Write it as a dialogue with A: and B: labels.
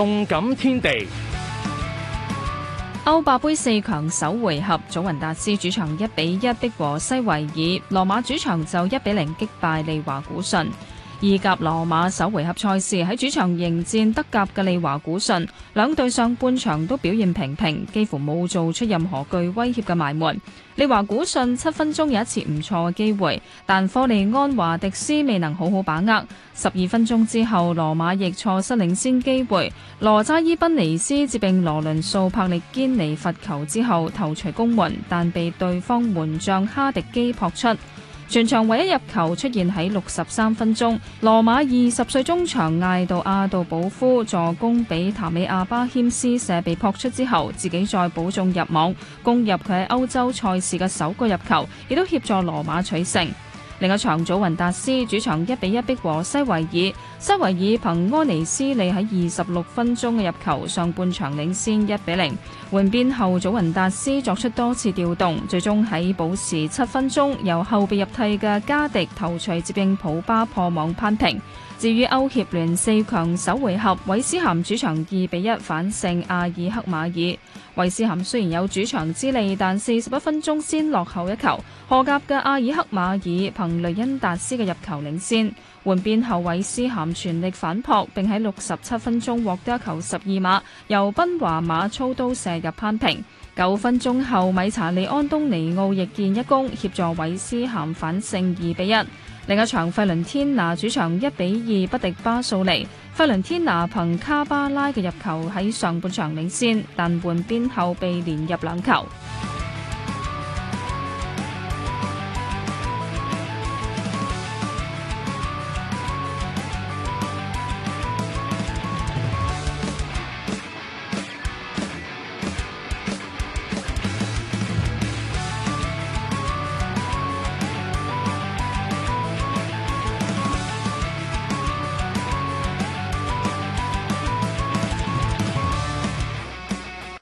A: 動感天地，歐霸盃四強首回合，祖雲達斯主場一比一逼和西維爾，羅馬主場就一比零擊敗利華古遜。意甲羅馬首回合賽事喺主場迎戰德甲嘅利華古遜，兩隊上半場都表現平平，幾乎冇做出任何具威脅嘅埋門。利華古遜七分鐘有一次唔錯嘅機會，但科利安華迪斯未能好好把握。十二分鐘之後，羅馬亦錯失領先機會。羅扎伊賓尼斯接并羅倫素柏利堅尼罰球之後投除攻門，但被對方門將哈迪基撲出。全場唯一入球出現喺六十三分鐘，羅馬二十歲中場艾度亞度保夫助攻，俾譚美亞巴謙斯射被撲出之後，自己再補中入網，攻入佢喺歐洲賽事嘅首個入球，亦都協助羅馬取勝。另一場，祖雲達斯主場一比一逼和西維爾，西維爾憑安尼斯利喺二十六分鐘嘅入球，上半場領先一比零。換邊後，祖雲達斯作出多次調動，最終喺補時七分鐘，由後備入替嘅加迪頭槌接應普巴破網扳平。至於歐協聯四強首回合，韋斯咸主場二比一反勝阿爾克馬爾。韋斯咸雖然有主場之利，但四十一分鐘先落後一球。荷甲嘅阿爾克馬爾憑雷恩達斯嘅入球領先。換邊後，韋斯咸全力反撲，並喺六十七分鐘獲得一球十二碼，由賓華馬操刀射入扳平。九分鐘後，米查利·安東尼奧亦建一功，協助韋斯咸反勝二比一。另一場，費倫天拿主場一比二不敵巴素利，費倫天拿憑卡巴拉嘅入球喺上半場領先，但換邊後被連入兩球。